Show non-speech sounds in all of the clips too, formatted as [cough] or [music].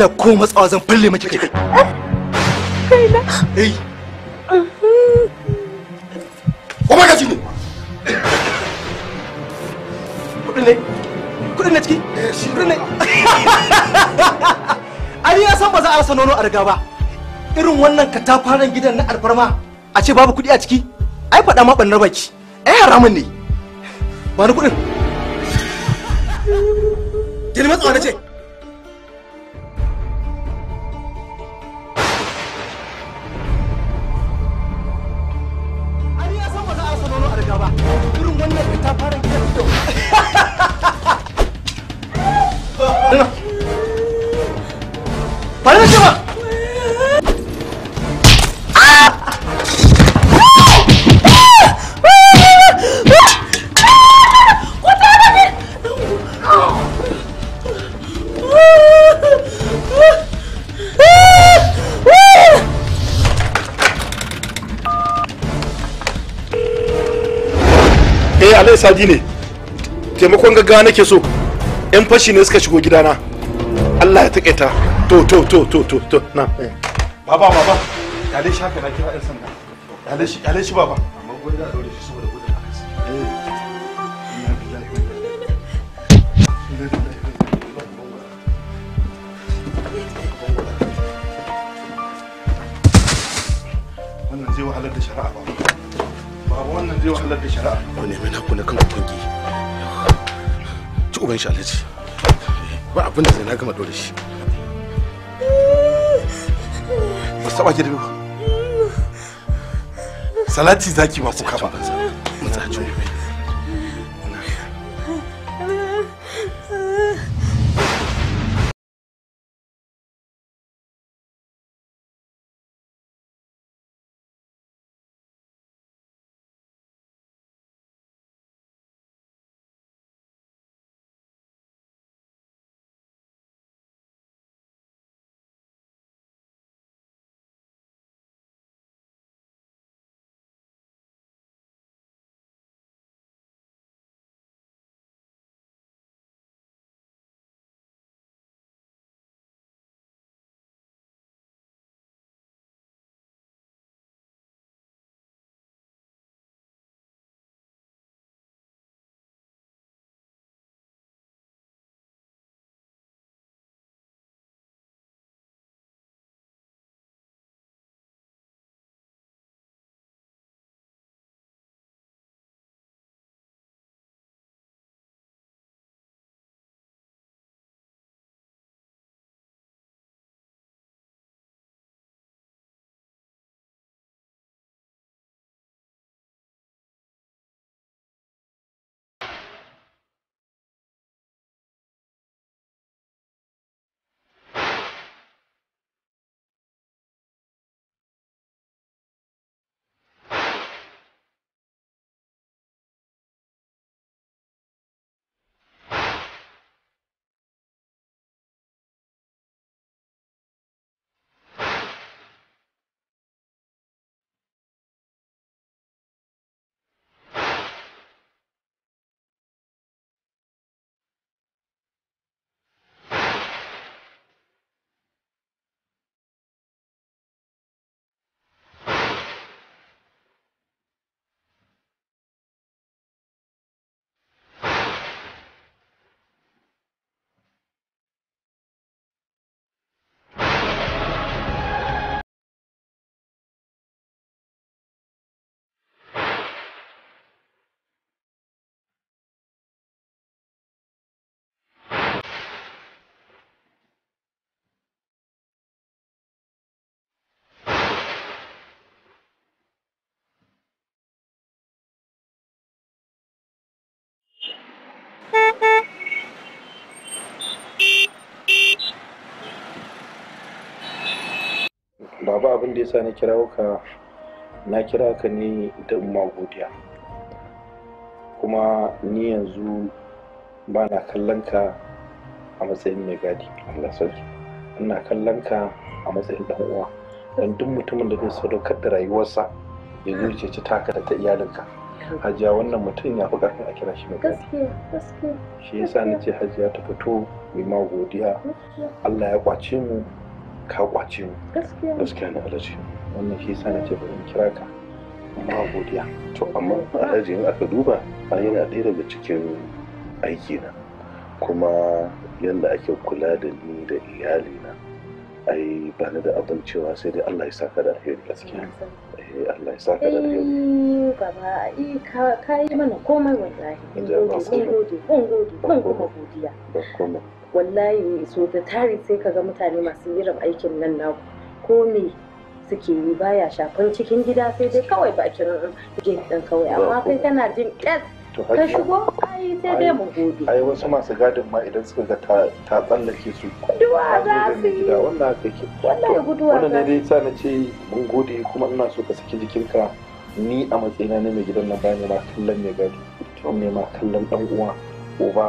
ina ko matsawa zan fulle miki kai kaina eh o ma gaji ne kudin ne kudin ne ciki kudin eh, ne ani [laughs] ya san ba za a rasa nono a riga ba irin wannan katafaren gidan na alfarma a ce babu kudi a ciki ai faɗa ma ɓannar baki ai haramun ne ba ni kudin Dini matsawa na ce, 知道吧？sadi ne taimakon gaggawa nake so yan fashi ne suka shigo gidana allah ya taƙaita to to to to to to na eh. baba baba ya dai shafe na kira yan sanda ya dai shi baba salati zaki ba kuka ba baba abin da ya sa na kira ka na kira ka ne da umma godiya kuma ni yanzu ba na kallon ka a matsayin mai gadi Allah sarki ina kallon ka a matsayin dan uwa dan duk mutumin da zai sadaukar da rayuwarsa ya zo ce ci taka da ta iyalinka hajiya wannan mutum ya fi karfin a kira shi mai gadi shi yasa na ce hajiya ta fito mai ma godiya Allah ya kwace mu ka kwace mu gaskiya na alhaji wannan shi yasa nake bari in kira ka amma godiya to amma alhaji in aka duba a yana ɗaya daga cikin aiki na kuma yadda ake kula da ni da iyali na ai ba ni da abin cewa sai dai Allah ya saka da alheri gaskiya eh Allah ya saka da alheri gaba eh, ai ka yi mana komai wallahi mun gode mun gode mun gode mun godiya wallahi so da tari sai ka ga mutane masu irin aikin nan naku ko me suke yi baya shafan cikin gida sai dai kawai bakin gate din kawai amma kai kana jin ƙas ka shigo ai sai dai mu gode. ai wasu masu gadin ma idan suka ga ta tsallake su guduwa za su yi wannan haka yake wallahi guduwa wannan ne sa na ce mun gode kuma ina so ka saki jikinka ni a matsayina na mai gidan nan bayan ma kallon mai gado ne ma kallon dan uwa uba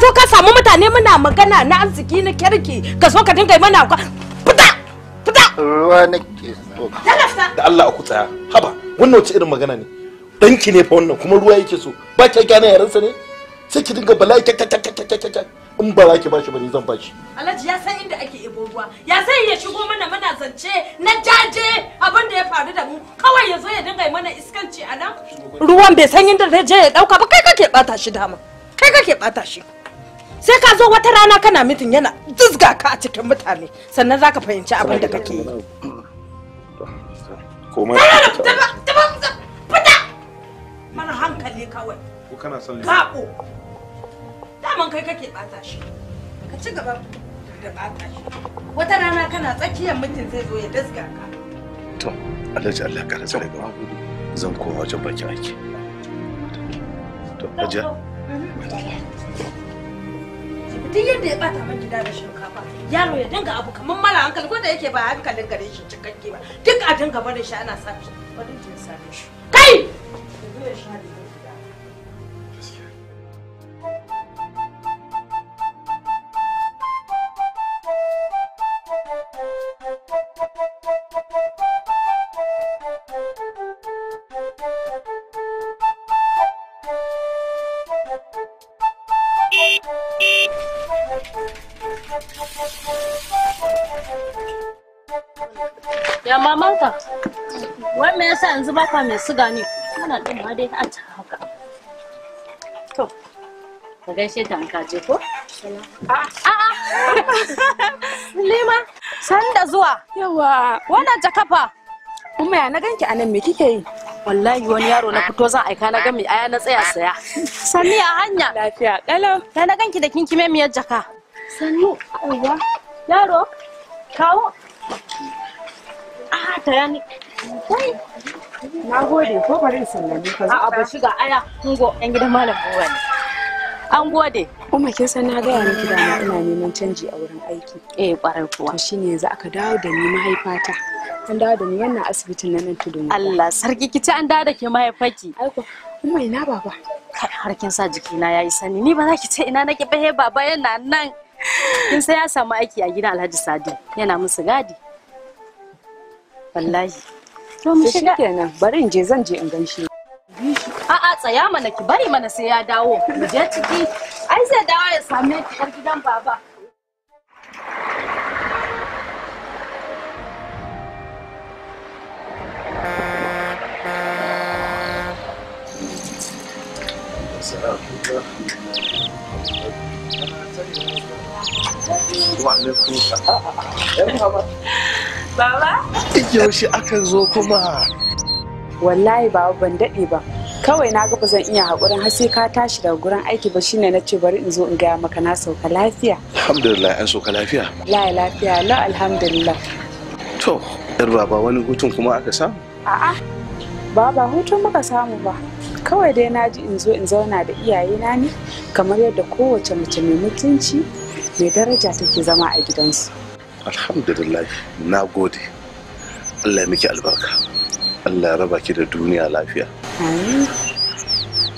zo ka samu mutane muna magana na arziki na kirki ka zo ka dinga mana fita fita ruwa na ke so da Allah a kutsaya haba wannan wace irin magana ne danki ne fa wannan kuma ruwa yake so ba ki gane yaransa ne sai ki dinga bala'i ta ta ta ta in ba za ki ba shi ba zan ba shi. Alhaji ya san inda ake ibo ruwa, ya san ya shigo mana mana zance na jaje abin da ya faru da mu kawai ya zo ya dinga mana iskanci a nan. Ruwan bai san inda zai je ya dauka ba kai kake bata shi dama, kai kake bata shi. sai ka zo wata rana kana mitin yana dizga ka a cikin mutane sannan za ka fahimci abin da kake yi fita mana hankali kawai ko kana son daman kai kake bata shi ka ci gaba da bata shi wata rana kana tsakiyar mutum zai zo ya dizga ka to alhaji Allah ka rasa daga zan koma wajen baki aiki to hajiya duk yadda ya bata man gida da shinkafa yaro ya dinga abu kamar mara hankali ko da yake ba hankalin gare shi cikakke ba duk a dinga barin shi ana sa shi sa shi kai ba kwa mai siga ne muna ɗin ma dai a ta haka to ka gaishe ta ka je ko a'a lima san da zuwa yawa wannan jakafa kuma ya na ganki anan me kike yi wallahi wani yaro na fito zan aika na ga mai aya na tsaya saya sani a hanya lafiya kalau na ganki da kinki memiyar jaka sani yaro kawo a ah, ta yani Na gode ko bari in sallame ka. A'a ba shiga aya kun go ɗan gidan malam Buwa ne. An gode. Umma kin san na gaya miki da na ina neman canji a wurin aiki. Eh kwarar kuwa. To shine yanzu aka dawo da ni mahaifata. An dawo da ni wannan asibitin na nan tudun. Allah sarki kici an dawo da ke mahaifaki. Aiko Umma ina baba. Har kin sa jikina yayi sani ni ba za ki ce ina nake bahe baba yana nan. Kin sai ya samu aiki a gidan Alhaji Sadi yana musu gadi. Wallahi. To mu shiga kenan bari in je zan je in gaishe. A'a tsaya mana ki bari mana sai ya dawo. Mu je ciki. Ai zai dawo ya same ki har gidan baba. Baba? Yaushe aka zo kuma? Wallahi baba ban daɗe ba. Kawai na ga zan iya haƙurin har sai ka tashi daga gurin aiki ba shine na ce bari in zo in gaya maka na sauka lafiya. Alhamdulillah an sauka lafiya. La lafiya la alhamdulillah. To, yar baba wani hutun kuma aka samu? A'a. Baba hutun muka samu ba. Kawai dai na ji in zo in zauna da iyayena ne kamar yadda kowace mace mai mutunci me daraja take zama a gidansu alhamdulillah na gode allah miki albarka allah ya raba ki da duniya lafiya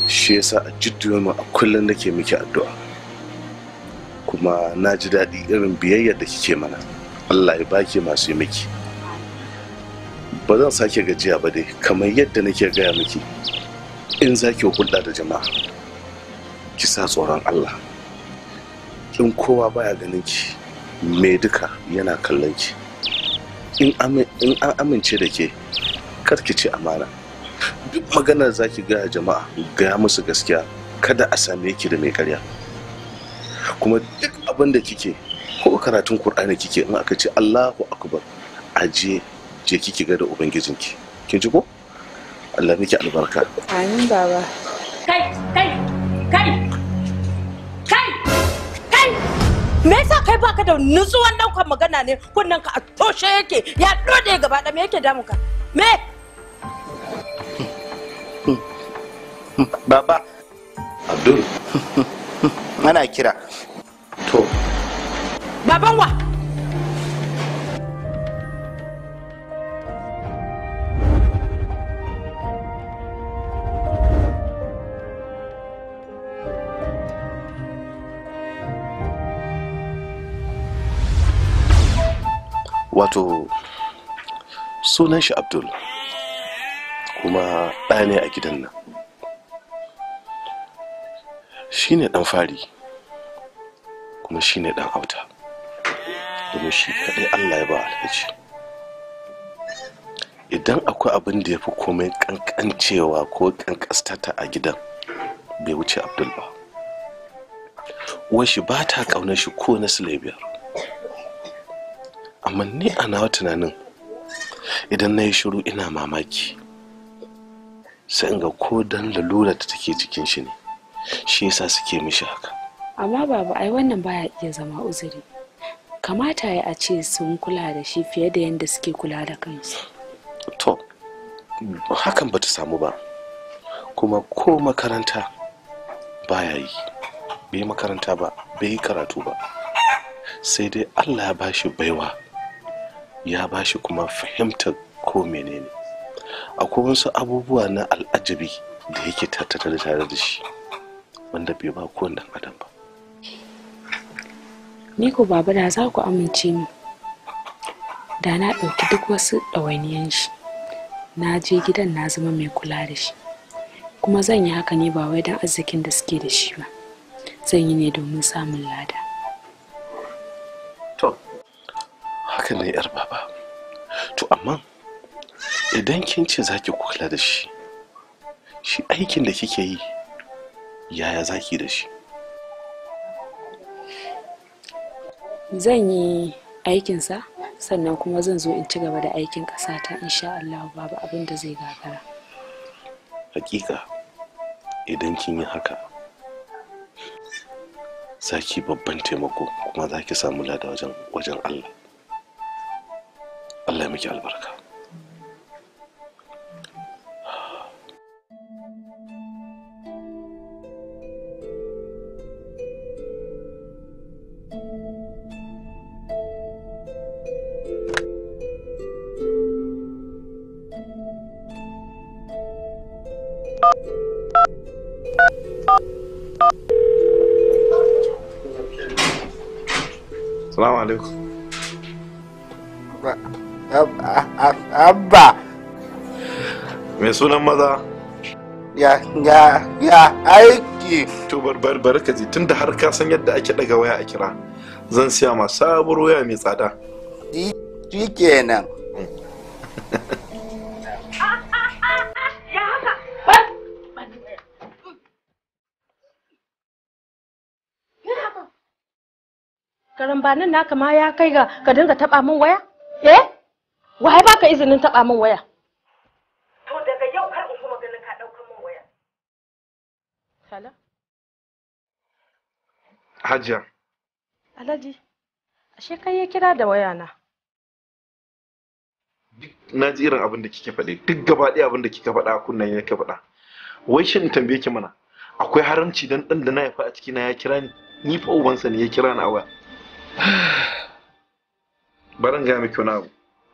shi yasa a jiddiyarmu a kullum nake miki addu'a kuma na ji daɗi irin biyayyar da kike mana allah ya baki masu yi miki ba zan sake gajiya ba dai kamar yadda nake gaya miki in za ki hulɗa da jama'a ki sa tsoron allah in kowa baya ganin ki mai duka yana kallon ki in an amince da ke ki ci amana duk maganar za ki gaya jama'a gaya musu gaskiya kada a same ki da mai karya kuma duk abin da kike ko karatun kur'ani kike in aka ce allahu akbar aje je kike ga da ubangijinki kin ji ko allah miki albarka amin baba kai kai kai kai me yasa kai baka da nutsuwan daukan magana ne kunnen ka a toshe yake ya dode gaba da me yake damu ka me baba abdul ana kira sunan shi abdul kuma ɗa ne a gidan nan shi ne ɗan fari kuma shi ne ɗan auta domin shi kaɗai allah ya ba alhaji idan akwai abin da ya fi komai ƙanƙancewa ko ƙanƙastata a gidan bai wuce abdul ba washi shi ba ta ƙaunar shi ko na silabiyar amma ni ana tunanin idan na yi shiru ina mamaki sai in ga ko dan lalura ta take cikin shi ne shi yasa suke mishi haka amma baba ai wannan baya iya zama uzuri kamata ya a ce sun kula da shi fiye da yadda suke kula da kansu to hakan bata samu ba kuma ko makaranta baya yi bai makaranta ba bai karatu ba sai dai allah ya bashi baiwa ya ba shi kuma fahimtar ko menene akwai wasu abubuwa na al'ajabi da yake tattare tare da shi wanda bai ba kowane dan adam ba ni ko baba da za ku amince ni da na ɗauki duk wasu ɗawainiyan shi na je gidan na zama mai kula da shi kuma zan yi haka ne ba wai don arzikin da suke da shi ba zan yi ne domin samun lada haka ne yar baba to amma idan kin ce za kula da shi shi aikin da kike yi yaya za ki da shi zan yi aikinsa sannan kuma zan zo in ci gaba da aikin ƙasata insha Allah babu abin da zai gagara hakika idan kin yi haka za babban taimako kuma za ki samu lada wajen Allah الله يجعل البركة السلام عليكم abba mai sunan maza ya ya ya aiki to barbar ji tunda har ka san yadda ake daga waya a kira zan siya ma sabuwar waya mai tsada Ki kenan karambanin naka ma ya kai ga ka dinga taba min waya eh waye baka izinin taɓa min waya to daga yau kar in kuma ganin ka daukar min waya sala hajiya alhaji ashe kai ya kira da waya na na ji irin abin da kike faɗi duk gaba ɗaya abin da kika faɗa kunnan ya ka faɗa wai shin tambaye ki mana akwai haramci dan ɗan da na haifa a cikina ya kira ni ni fa ubansa ne ya kira ni a waya [sighs] Barin ga miki wani abu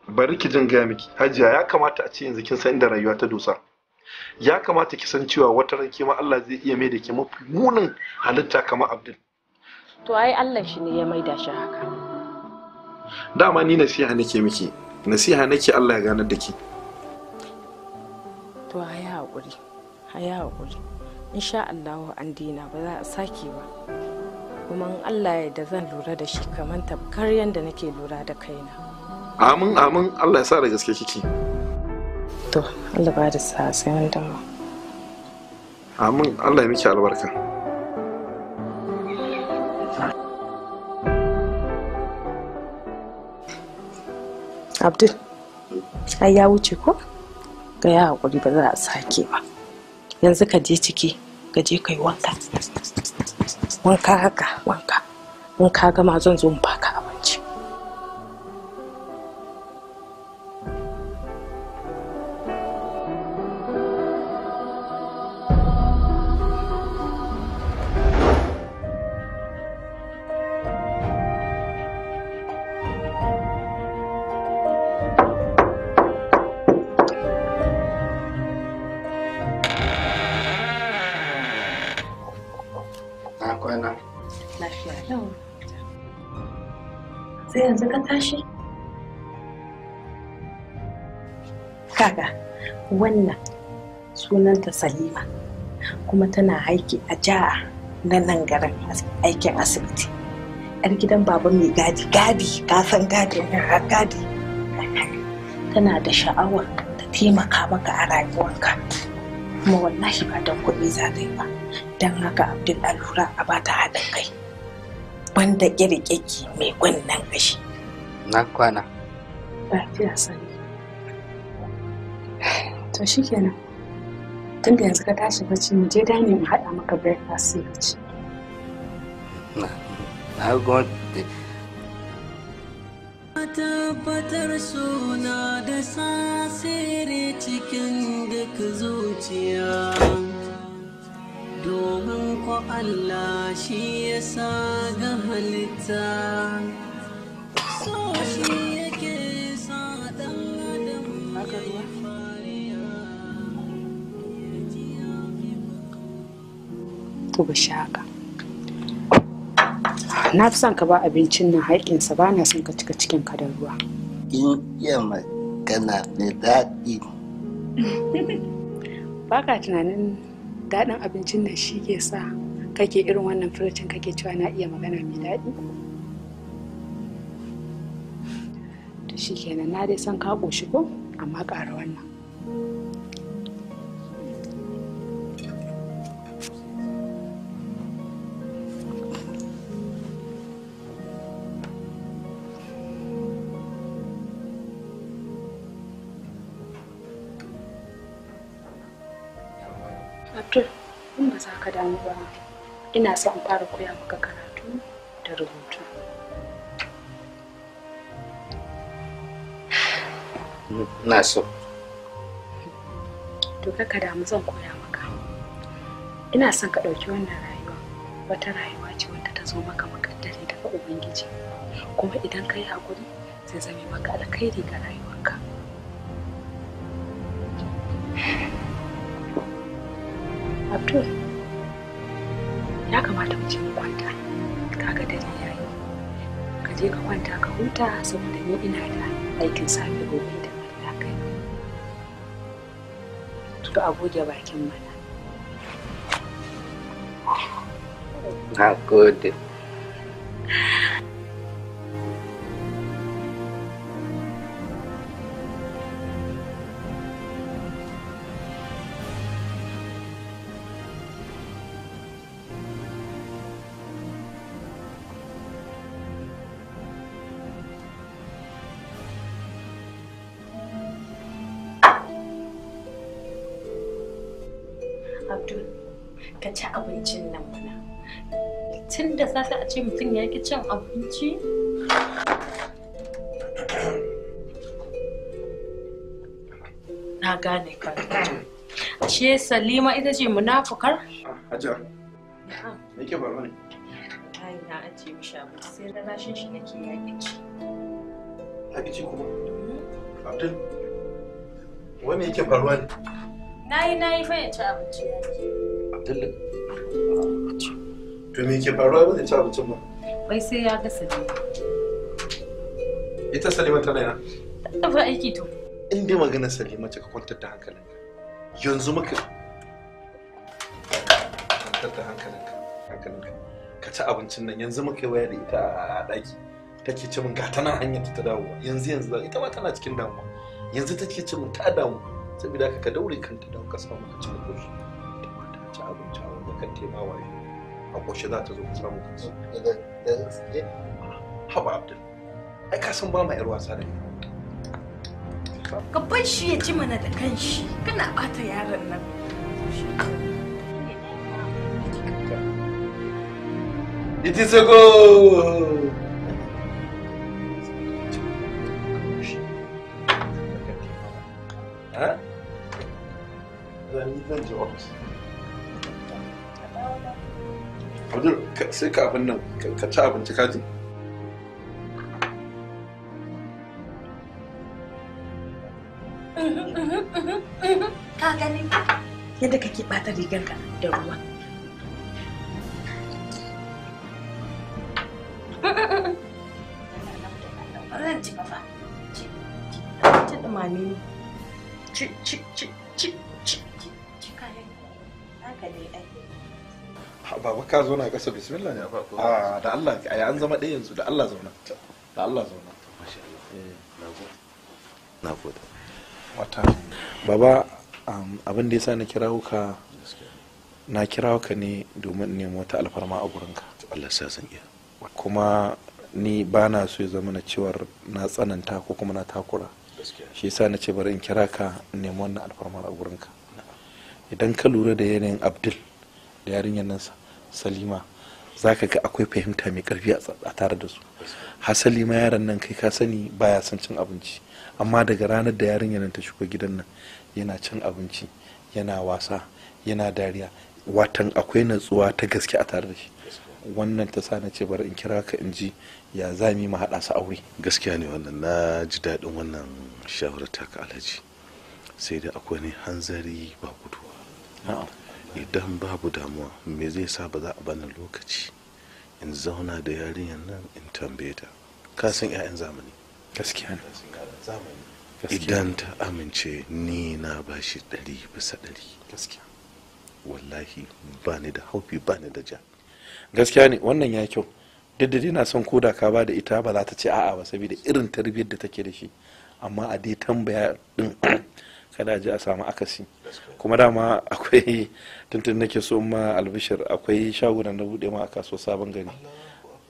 bari ki jin gaya miki hajiya ya kamata a ce yanzu kin san inda rayuwa ta dosa ya kamata ki san cewa wata ran ma Allah zai iya mai da ki mafi munin halitta kamar Abdul to ai Allah shi ne ya maida shi haka dama ni nasiha nake miki nasiha nake Allah ya ganar da ki to ai hakuri ai hakuri insha Allah an dina ba za a sake ba kuma Allah ya da zan lura da shi kamar tabkar yanda nake lura da kaina amin amin allah ya sa da gaske kiki to allah ba da sa sai mun dawo amin allah ya miki albarka abdul ai ya wuce ko ga ya hakuri ba za a sake ba yanzu ka je ciki ka je kai wanka wanka haka wanka in ka gama zan zo ba ta salima kuma tana aiki a ja'a na nan garin aikin asibiti yar gidan baba mai gadi gadi kasan gadi gadi tana da sha'awar ta taimaka maka a rayuwarka kuma wallahi ba don kuɗi za ta yi ba don haka abdul alura a ba ta haɗin kai banda ƙirƙiki mai gwannan gashi na kwana lafiya sani to shikenan tun da yanzu ka tashi bacci mu je dani mu haɗa maka breakfast sai ka ci. Na gode. Tabbatar suna da sasiri cikin duk zuciya. Domin ko Allah shi ya sa ga halitta. ku ba shi na fi son ka ba abincin nan hakinsa. ba na son ka cika cikin ka da ruwa in iya magana mai daɗi [laughs] ba ka tunanin daɗin abincin nan shi ke sa kake irin wannan furucin kake cewa na iya magana mai daɗi to shi kenan na dai san ka ƙoshi ko amma ƙara wannan gani ba ina so fara koya maka karatu da rubutu na so to kaka damu zan koya maka ina son ka ɗauki wannan rayuwa wata rayuwa ce wanda ta zo maka makaddare daga ubangiji kuma idan ka yi haƙuri zai zame maka alkhairi ga rayuwarka Abdul je ka kwanta ka huta saboda ni ina da aikin safe gobe da Allah kai to a goge bakin mana na gode ya ki cin abinci? Na gane ka. Ashe Salima ita ce munafukar? Aja. Me ke faruwa ne? Ai na ajiye mishi abu sai na rarashin shi nake yaƙi ci. Yaƙi ci kuma? Abdul. Wai me yake faruwa ne? Nayi nayi fa ya ci abinci yaƙi. Abdul. To me yake faruwa ba zai ci abincin ba? bai sai ya ga Salima. Ita Salima tana yana? Ta aiki to. In dai maganar Salima ta ka kwantar da hankalinka. Yanzu muka kwantar da hankalinka. Hankalinka. Ka ci abincin nan yanzu muka yi waya da ita a ɗaki. Take ce min ga hanyar ta Yanzu yanzu ita ma tana cikin damuwa. Yanzu take ce min ta damu. Saboda haka ka daure kanta da ka samu ka ci abinci. Ta ci abinci a wajen kan temawa a ƙoshe za ta zo ka samu kansu. haba abdul ai ka san ba ma yar wasa da ni ka shi ya ci mana da kanshi kana bata yaron nan It is abdul sai kafin nan ka ci abinci kaji ka gani yadda kake bata ka da ruwa ci ba fa ci dumame ci ci ci ci ci ci ci ci ci ci ci baba ka zo na kasa bismillah ne a farko a da Allah a an zama ɗaya yanzu da Allah zauna da Allah zauna eh. na gode wata baba abin da yasa na kira ka na kira ka ne domin nemo ta alfarma a gurinka Allah sa san iya kuma ni ba na so ya zama na cewar na tsananta ko kuma na takura shi yasa na ce bari in kira ka nemo wannan alfarma a gurinka idan ka lura da yanayin abdul da yarinyar nansa salima za ka ga akwai fahimta mai karfi a tare da su hasali ma yaron nan kai ka sani baya son cin abinci amma daga ranar da yarinyar nan ta shigo gidan nan yana cin abinci yana wasa yana dariya watan akwai natsuwa ta gaske a tare da shi wannan ta sa na ce bari in kira ka in ji ya za mu haɗa su aure gaskiya ne wannan na ji daɗin wannan shawarar ka alhaji sai da akwai ne hanzari ba guduwa idan babu damuwa me zai sa ba za a bani lokaci in zauna da yarinyar nan in tambaye ta ka san 'ya'yan zamani gaskiya ne idan ta amince ni na ba shi ɗari bisa ɗari gaskiya wallahi ba ni da haufi ba ni da ja gaskiya ne wannan ya kyau duk da na son koda ka ba da ita ba za ta ce a'a ba saboda irin tarbiyyar da take da shi amma a dai tambaya din kada ji a samu akasi kuma dama akwai tuntun nake so ma albishir akwai shagunan na bude ma a kaso sabon gani.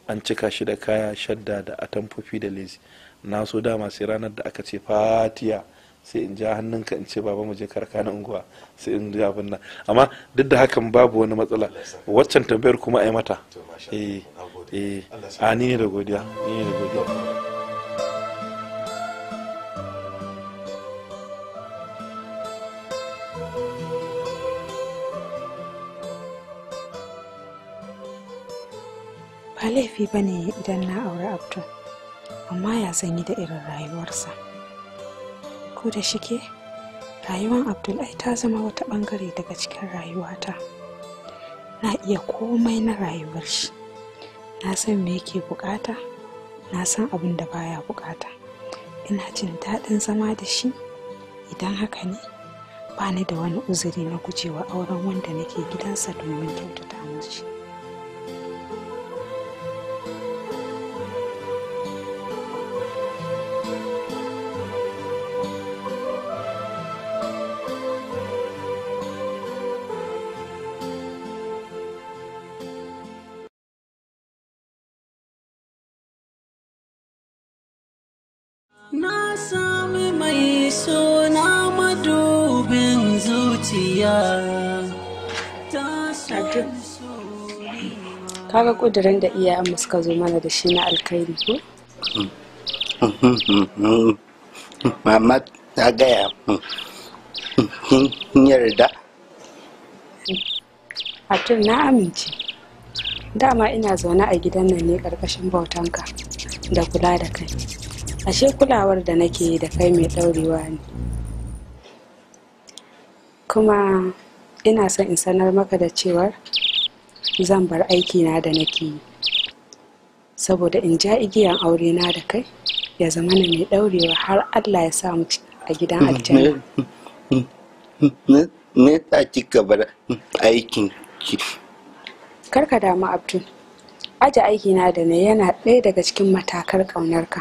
an cika shi da kaya shadda da atamfofi da lezi na so dama sai ranar da aka ce fatiya sai in ja hannunka in ce baba mu je na unguwa sai in ji abin nan amma duk da hakan babu wani matsala waccan tambayar kuma a yi mata eh eh a ah, ni ne da godiya ni ne da godiya laifi ba ne idan na aure abdul amma ya yi da irin rayuwarsa ko da shike rayuwar abdul ai ta zama wata bangare daga cikin rayuwata na iya komai na rayuwar shi na san me yake bukata na san abin da baya bukata ina jin daɗin zama da shi idan haka ne ba ni da wani uzuri na gujewa auren wanda nake gidansa domin kyautata mashi. Na sami mai suna madubin zuciya ta Kaga ƙudurin da iyayenmu suka zo mana da shi na alkhairi ko? Mama ta gaya kin yarda? Abdul na amince. Dama ina zaune a gidan nan ne ƙarƙashin bautanka da kula da kai. ashe kulawar da nake da kai mai ɗaurewa ne kuma ina son in sanar maka da cewar zan bar aikina da nake saboda in ja igiyan aurena da kai ya zama na mai ɗaurewa har allah ya samu a gidan aljanna ne ta kika bar aikin ki karka damu abdul aje aikina da ne yana ɗaya daga cikin matakar ƙaunarka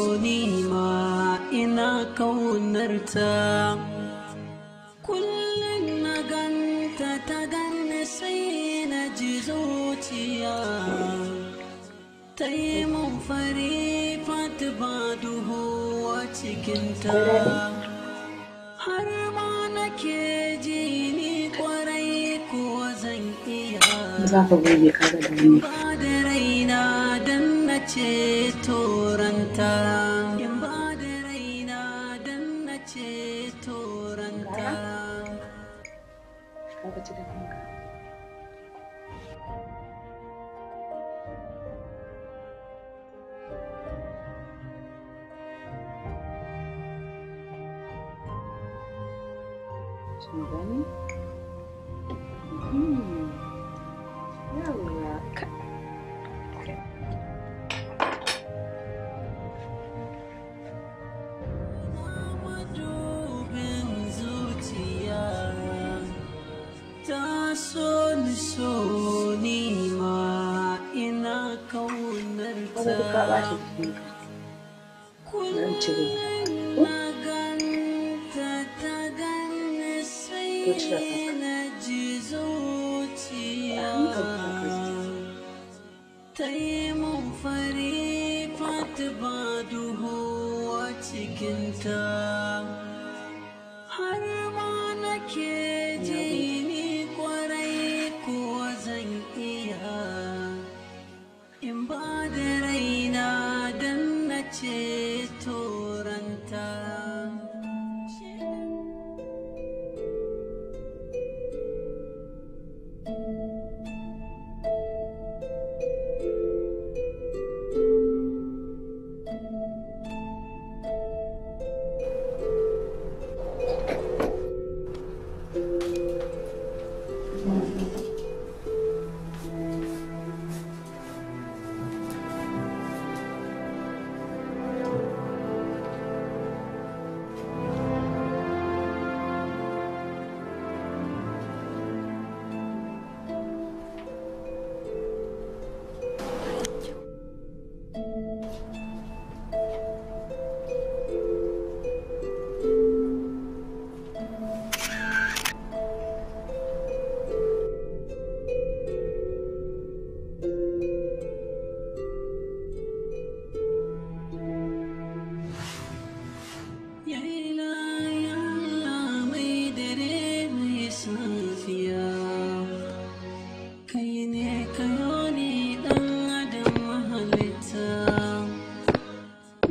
so ma ina kaunarta kullum na ganta ta ganni sai na ji zuciya ta yi mun fari fatima duhu a cikinta har ma nake ji ni kwarai kuwa zan iya ba da raina don na ceto sâu Portugal. Portugal. تيم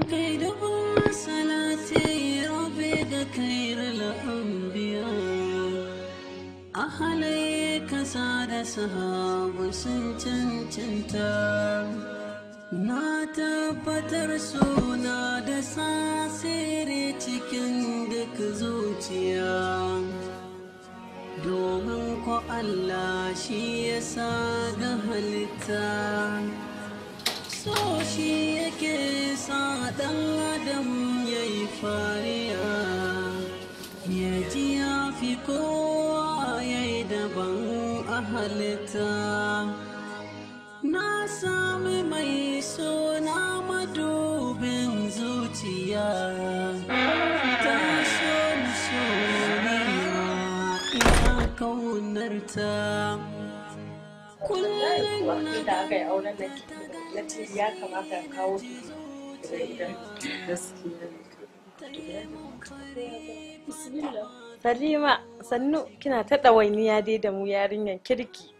دبر صلاتي ربي خير الأنبياء أهليك سادة صحاب cancanta Na tabbatar suna da sasere cikin duk zuciya. Domin ko Allah shi ya halitta, so shi yake sa ɗan adam ya yi fariya ya ji ya fi kowa ya yi daban a halitta na sami mai suna madubin zuciya ta shoni soyayya ina kaunarta kullum na ta ga auren na ya kamata kawo su Salima, sannu kina ta ɗawainiya dai da mu yarinyar kirki.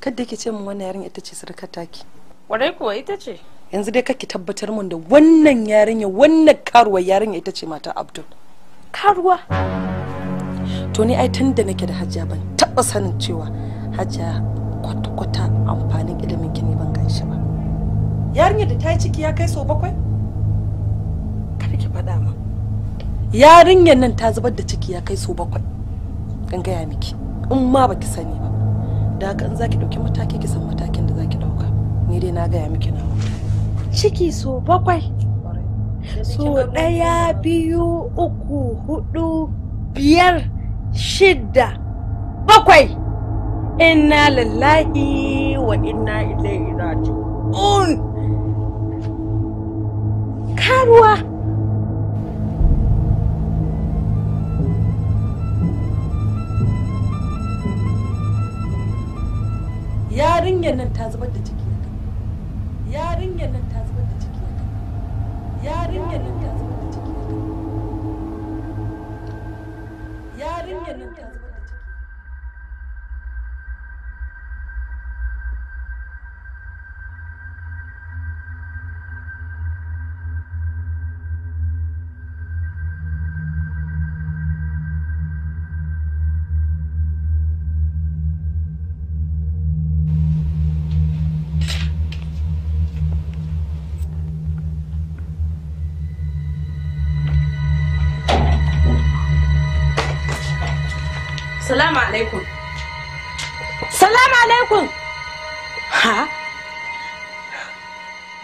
Kadda ke ce min wannan yarinya ita ce surkar taki. Warai kuwa ita ce. Yanzu dai kake tabbatar mun da wannan yarinya wannan karuwar yarinya ita ce mata Abdul. Karuwa? To ni ai tun da nake da hajiya ban taɓa sanin cewa hajiya kwata-kwata amfanin ilimin kini ban gan shi ba. yarinyar da ta yi ciki ya kai so bakwai kada ki faɗa ma yarinyar nan ta zubar da ciki ya kai so bakwai kan gaya miki in ma baki sani ba da haka in za ki ɗauki mataki ki san matakin da za ki ɗauka ni dai na gaya miki na ciki so bakwai so ɗaya biyu uku hudu biyar shidda bakwai inna lillahi wa inna ilaihi raji'un karuwa yarinyar nan ta zubar da ciki yarinyar nan ta zubar da ciki yarinyar nan ta zubar da ciki yarinyar nan ta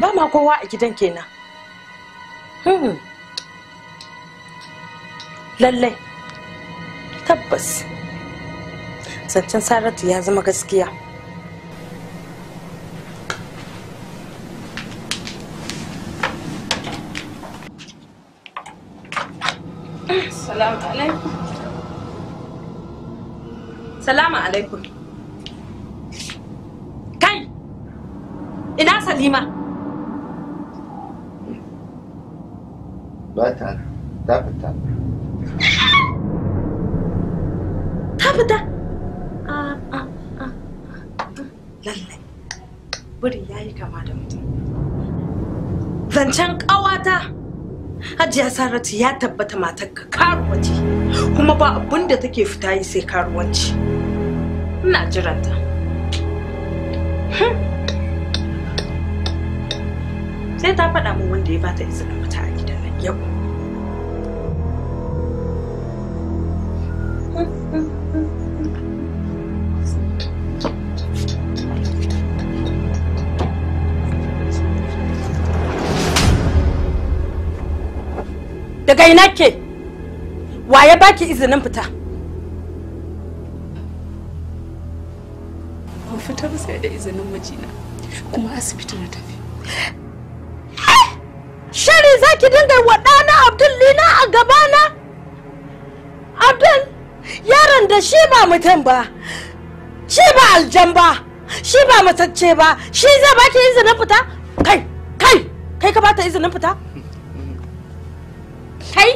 ba ma kowa a gidan kenan hmm. lallai tabbas zancen saratu ya zama gaskiya Salamu alaikum. Salamu alaikum. Kai! Ina Salima! ba ta ta fita ta fita lallai buri ya yi kama da mutum zancen ƙawata hajiya saratu ya tabbata matarka karuwaci kuma ba abin da take fita yi sai karuwanci ina jiranta hmm. sai ta faɗa min wanda ya bata izinin mutane a gidan yau kai nake waye baki izinin fita ban fita ba sai da izinin mijina kuma asibiti na tafi shari za ki dinga wa ɗana abdul lina a gabana abdul yaron da shi ba mutum ba shi ba aljan ba shi ba matacce ba shi zai baki izinin fita kai kai kai ka bata izinin fita kai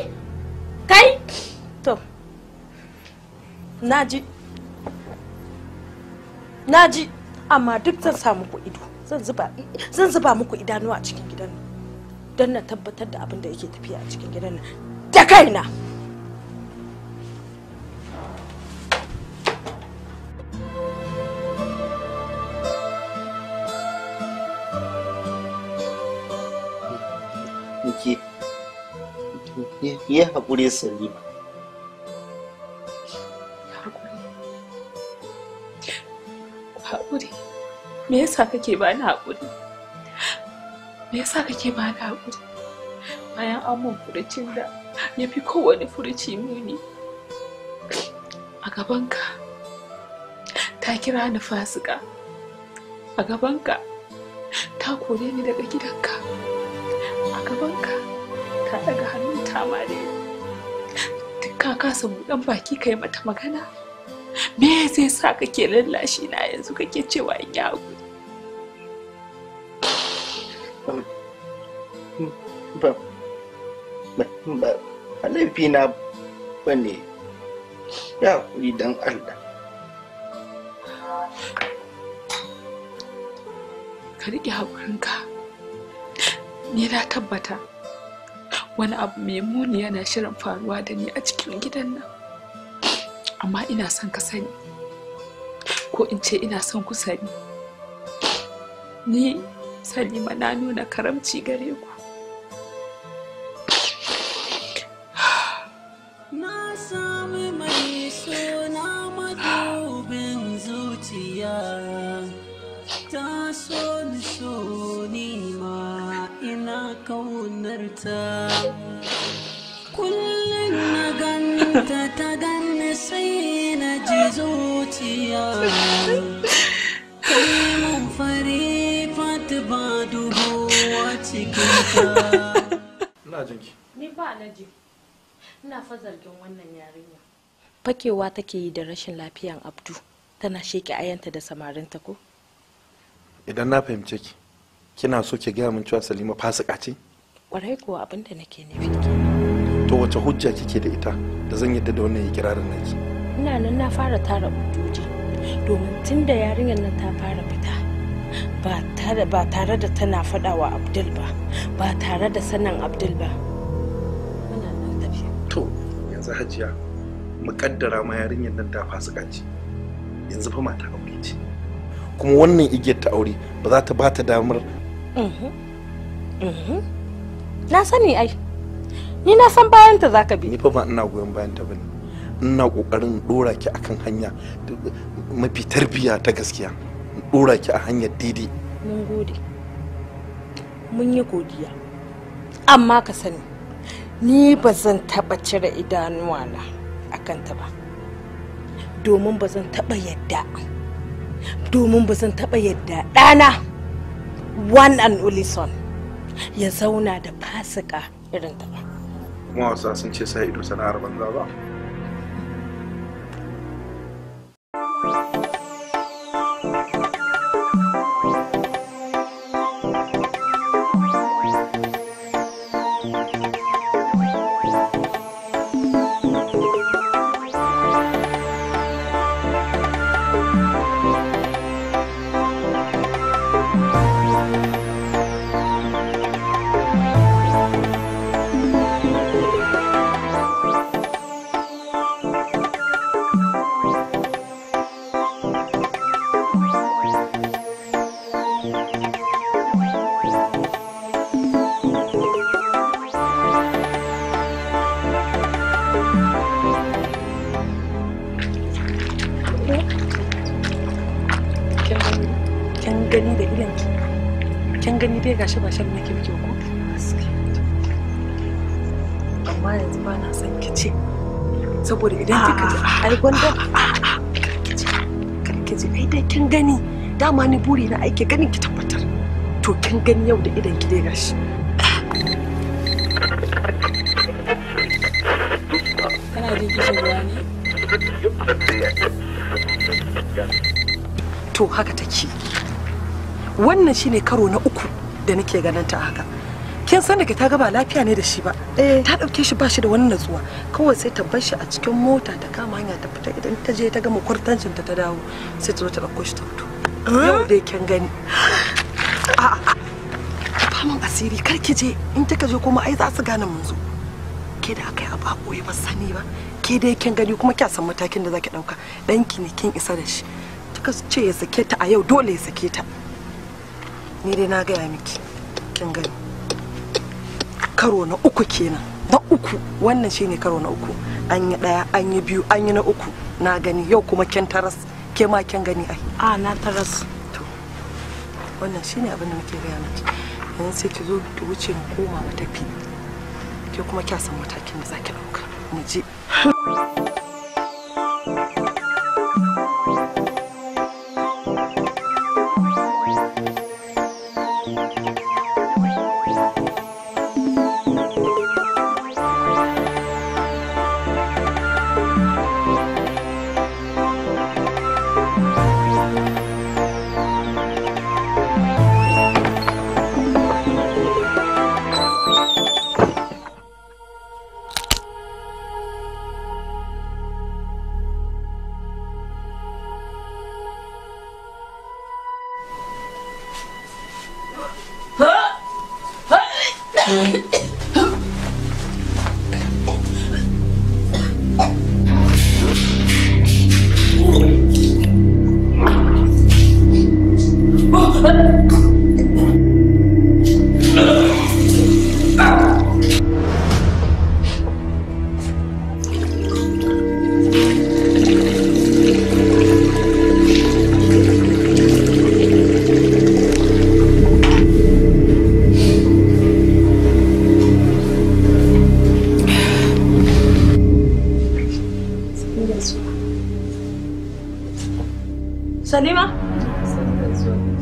kai to naji naji amma duk zan sa muku ido zan zuba muku idanu a cikin gidan nan don na tabbatar da abin da yake tafiya a cikin gidan nan da kaina Ki yi haƙuri Salima. Haƙuri? Me yasa kake ba ni haƙuri? Me yasa kake haƙuri? Bayan an mun furucin ya fi kowane furuci muni. A gabanka ta kira ni fasika. A ta kore ni daga gidanka. A ka, ta daga samari duk ka kasa buɗan baki ka yi mata magana me zai sa kake lallashi na yanzu kake cewa in ya ba ba ba laifi na ba ne ya kuri don allah ka riƙe haƙurinka ni na tabbata wani abu mai muni yana shirin faruwa da ni a cikin gidan nan amma ina son ka sani ko in ce ina son ku sani ni salima na nuna karamci gare ku alhaji ina fa zargin wannan yarinya fakewa take yi da rashin lafiyan abdu tana sheke ayanta da samarinta ko idan na fahimce ki kina so ki gaya min cewa salima fasika ce kwarai kuwa abinda nake nufi ke to wace hujja kike da ita da zan yadda da wannan ikirarin naki ina nan na fara tara hujjoji domin tun da yarinyar nan ta fara fita ba tare da tana fadawa abdul ba ba tare da sanin abdul ba yanzu hajiya muƙaddara ma yarinyar nan ta fasikanci yanzu fa mata aure ce kuma wannan igiyar ta aure ba za ta ba ta damar mhm. Mhm. na sani ai ni na san bayan ta zaka bi ni fa ba ina goyon bayan ta bane ina kokarin dora ki akan hanya mafi tarbiya ta gaskiya dora ki a hanyar daidai mun gode mun yi godiya amma ka sani ni ba zan taɓa cire idanuwana a kanta ba domin ba zan taɓa yadda domin ba zan taɓa yadda ɗana one and only son ya zauna da fasika irin ta ba kuma wasa sun ce sa ido sana'ar banza ba kulan ki kin gani dai gashi ba shan nake miki ko amma yanzu ba na son ki ce saboda idan kika ji ai gwanda karki ji ai dai kin gani dama ni buri na aike ganin ki tabbatar to kin gani yau da idan ki dai gashi kana jin kishin ruwa ne to haka take wannan shine karo na uku da nake ganin ta haka kin san da ta ga ba lafiya ne da shi ba eh. ta dauke shi ba shi da wannan natsuwa kawai sai ta bar shi a cikin mota ta kama hanya ta fita idan ta je ta gama kwartancin ta ta dawo sai ta zo ta dauko shi ta fito ah? yau dai kin gani a mun asiri kar ki je in ta ka je kuma ai za su gane mun zo ke da aka yi abu a koyi ba sani ba ke dai kin gani kuma kya san matakin da zaki dauka danki ne kin isa da shi kika ce ya sake ta a yau dole ya sake ta ni dai na gaya miki kin gani karo na uku kenan na uku wannan shine karo na uku an yi daya an yi biyu an yi na uku na gani yau kuma kin taras ke ma kin gani ai a ah, na taras to wannan shine abin da muke gaya miki yanzu sai ki zo ki wuce mu koma mu tafi ke kuma kya san matakin da zaki dauka mu je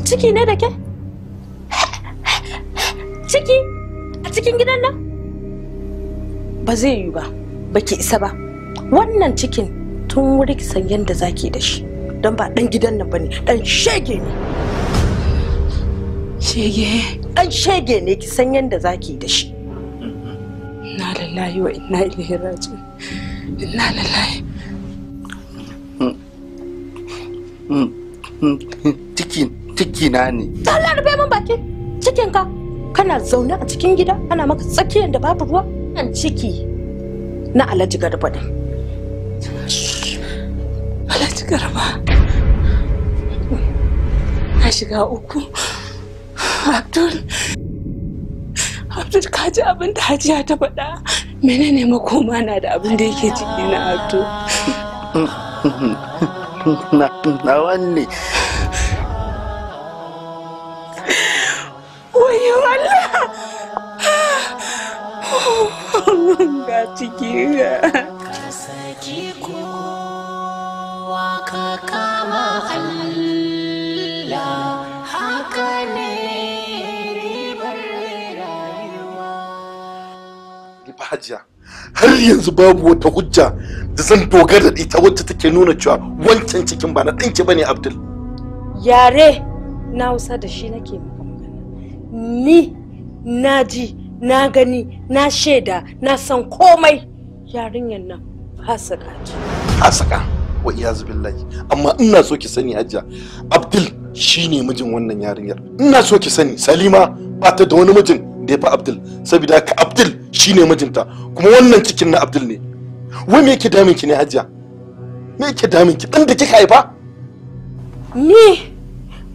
Ciki ne da ke? Ciki? A cikin gidan nan? Ba zai yi ba, baki isa ba. Wannan cikin tun wuri kisan yadda zaki da shi. Don ba ɗan gidan nan ba ne, ɗan shege ne. Shege? Ɗan shege ne kisan yadda yadda zaki da shi. na lallayi wa inna ilaihi raji'un. Inna lillahi. Mm. Mm. Mm. ciki na ne Allah rufe min baki cikin ka kana zaune a cikin gida ana maka tsakiyar da babu ruwa an ciki na Alhaji Garba din Alhaji Garba na shiga uku Abdul Abdul ka ji abin da Hajiya ta faɗa menene makoma na da abin da yake ciki na Abdul na wanne shiga ciki ka kowa ka kama Allah haka ne hajiya har yanzu babu wata hujja da zan dogara da ita wacce take nuna cewa wancan cikin ba na ɗanki bane abdul yare na wasa da shi nake maka magana ni na ji na gani na shaida na san komai yarinyar nan fasika ce saka wa iyazu billahi amma ina so ki sani hajja abdul shine mijin wannan yarinyar ina so ki sani salima ba ta da wani mijin da ya fi abdul saboda ka abdul shine mijinta kuma wannan cikin na abdul ne wai me yake damin ki ne hajja me yake damin ki dan da kika haifa ni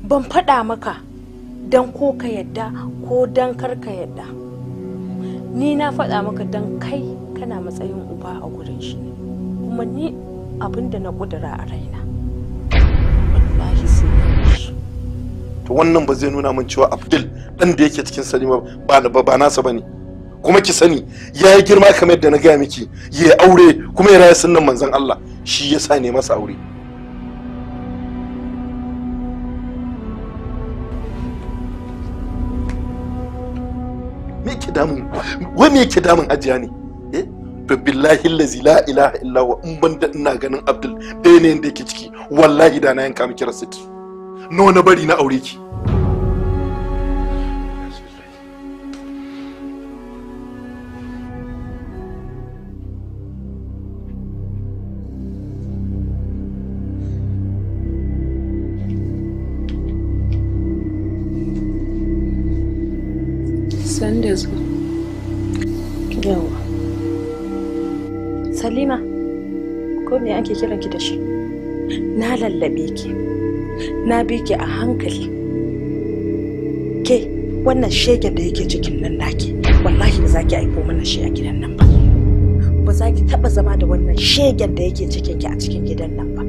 ban faɗa maka dan ko ka yadda ko dan kar ka yadda ni na faɗa maka dan kai kana matsayin uba a gurin shi kuma ni abin na ƙudura a raina wallahi sai shi to wannan ba zai nuna min cewa abdul ɗan da yake cikin salima ba ba ba ne kuma ki sani ya yi girma kamar yadda na gaya miki ya aure kuma ya raya sunnan manzon Allah shi yasa ne masa aure yake damu wa me yake damun ajiya ne eh billahi allazi la ilaha illa wa in banda ina ganin abdul dai ne yanda yake ciki wallahi da na yanka miki rasit no na bari na aure ki san su yawa salima ko me ake ki da shi na lallabe ki na bi ki a hankali ke wannan shegen da yake cikin nan naki wallahi ba za ki aiko mana shi a gidan nan ba ba za ki taba zama da wannan shegen da yake cikin ki a cikin gidan nan ba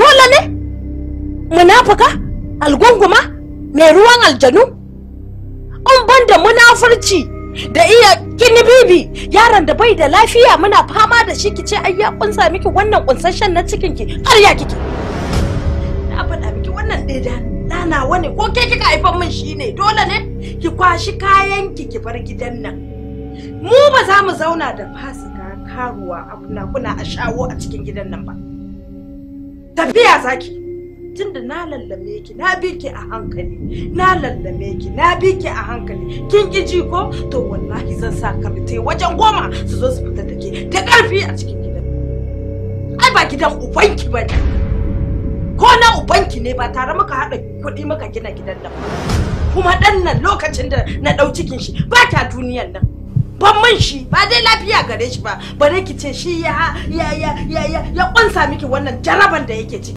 dole ne munafuka algunguma mai ruwan aljanu kafirci da iya bibi, yaron da bai da lafiya muna fama da shi kice ai ya kunsa miki wannan kunsashen na cikin ki ya kike na faɗa miki wannan ɗaya nana wani ko ke kika haifan min shi ne dole ne ki kwashi kayan ki ki bar gidan nan mu ba za mu zauna da fasika karuwa abuna kuna a shawo a cikin gidan nan ba tafiya zaki tunda na lallame ki na bi ki a hankali na lallame ki na bi ki a hankali kin ki ji ko to wallahi zan sa kamite wajen goma su zo su fita da ke ta karfi a cikin gidan ai ba gidan ubanki ba ne ko na ubanki ne ba tare muka haɗa kuɗi muka gina gidan nan kuma ɗan nan lokacin da na ɗau cikin shi ba ta duniyan nan ban man shi ba dai lafiya gare shi ba bare ki ce shi ya ya ya ya ya ƙunsa miki wannan jaraban da yake ciki